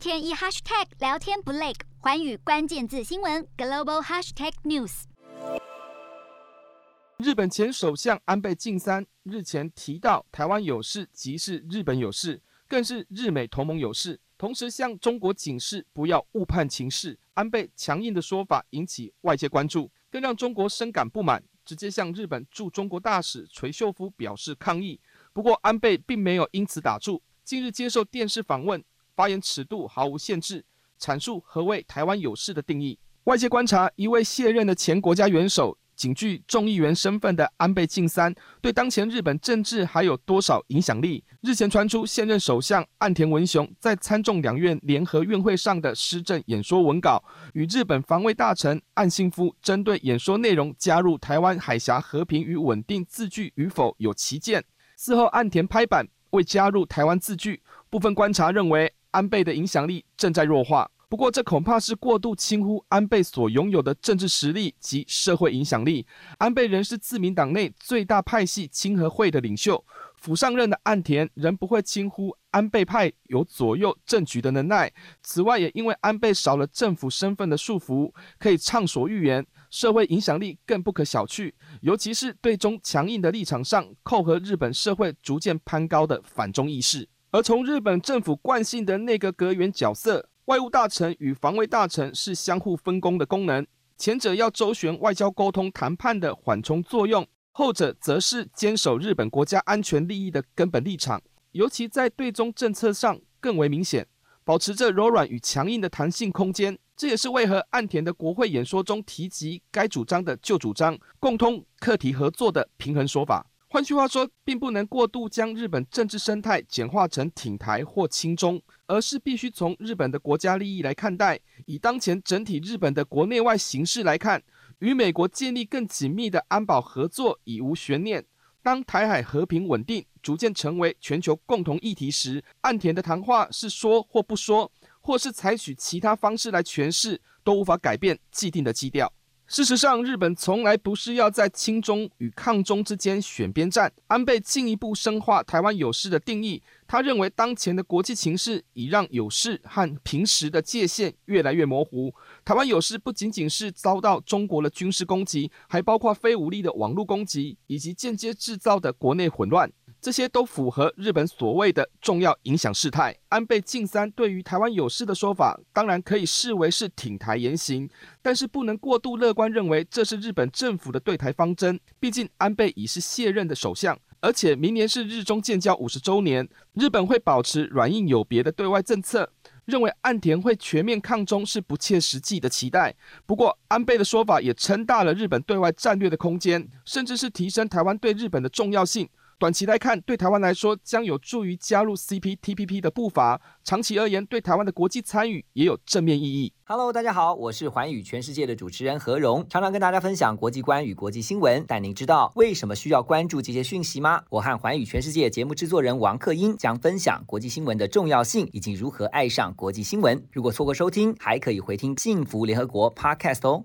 天一 hashtag 聊天不 lag 寰宇關鍵字新聞 global hashtag news。日本前首相安倍晉三日前提到，台灣有事即是日本有事，更是日美同盟有事。同時向中國警示，不要誤判情勢。安倍強硬的說法引起外界關注，更讓中國深感不滿，直接向日本駐中國大使垂秀夫表示抗議。不過安倍並沒有因此打住，近日接受電視訪問。發言尺度毫無限制，闡述何謂台灣有事的定義。外界觀察，一位卸任的前國家元首、僅具眾議員身份的安倍晉三，對當前日本政治還有多少影響力？日前傳出現任首相岸田文雄在參眾兩院聯合院會上的施政演說文稿，與日本防衛大臣岸信夫針對演說內容加入台灣海峽和平與穩定字句與否有歧見。事後，岸田拍板未加入台灣字句。部分觀察認為。安倍的影響力正在弱化，不過這恐怕是過度輕忽安倍所擁有的政治實力及社會影響力。安倍仍是自民黨內最大派系清和會的領袖，府上任的岸田仍不會輕忽安倍派有左右政局的能耐。此外，也因為安倍少了政府身份的束縛，可以暢所欲言，社會影響力更不可小覷，尤其是對中強硬的立場上，扣合日本社會逐漸攀高的反中意識。而從日本政府慣性的內閣閣員角色，外務大臣與防衛大臣是相互分工的功能，前者要周旋外交溝通談判的緩衝作用，後者則是堅守日本國家安全利益的根本立場，尤其在對中政策上更為明顯，保持着柔軟與強硬的彈性空間。這也是為何岸田的國會演說中提及該主張的舊主張，共通課題合作的平衡說法。換句話說，並不能過度將日本政治生態簡化成挺台或親中，而是必須從日本的國家利益來看待。以當前整體日本的國內外形勢來看，與美國建立更緊密的安保合作已無懸念。當台海和平穩定逐漸成為全球共同議題時，岸田的談話是說或不說，或是採取其他方式來詮釋，都無法改變既定的基調。事實上，日本從來不是要在親中與抗中之間選邊站。安倍進一步深化台灣有事的定義，他認為當前的國際情勢已讓有事和平時的界限越來越模糊。台灣有事不僅僅是遭到中國的軍事攻擊，還包括非武力的網絡攻擊，以及間接製造的國內混亂。這些都符合日本所謂的重要影響事態。安倍晉三對於台灣有事的說法，當然可以視為是挺台言行，但是不能過度樂觀認為這是日本政府的對台方針。畢竟安倍已是卸任的首相，而且明年是日中建交五十周年，日本會保持軟硬有別的對外政策。認為岸田會全面抗中是不切實際的期待。不過，安倍的說法也撐大了日本對外戰略的空間，甚至是提升台灣對日本的重要性。短期來看，對台灣來說將有助於加入 CPTPP 的步伐；長期而言，對台灣的國際參與也有正面意義。Hello，大家好，我是寰宇全世界的主持人何榮，常常跟大家分享國際觀與國際新聞。但您知道為什麼需要關注這些訊息嗎？我和寰宇全世界節目製作人王克英將分享國際新聞的重要性以及如何愛上國際新聞。如果錯過收聽，還可以回聽《幸福聯合國》Podcast 哦。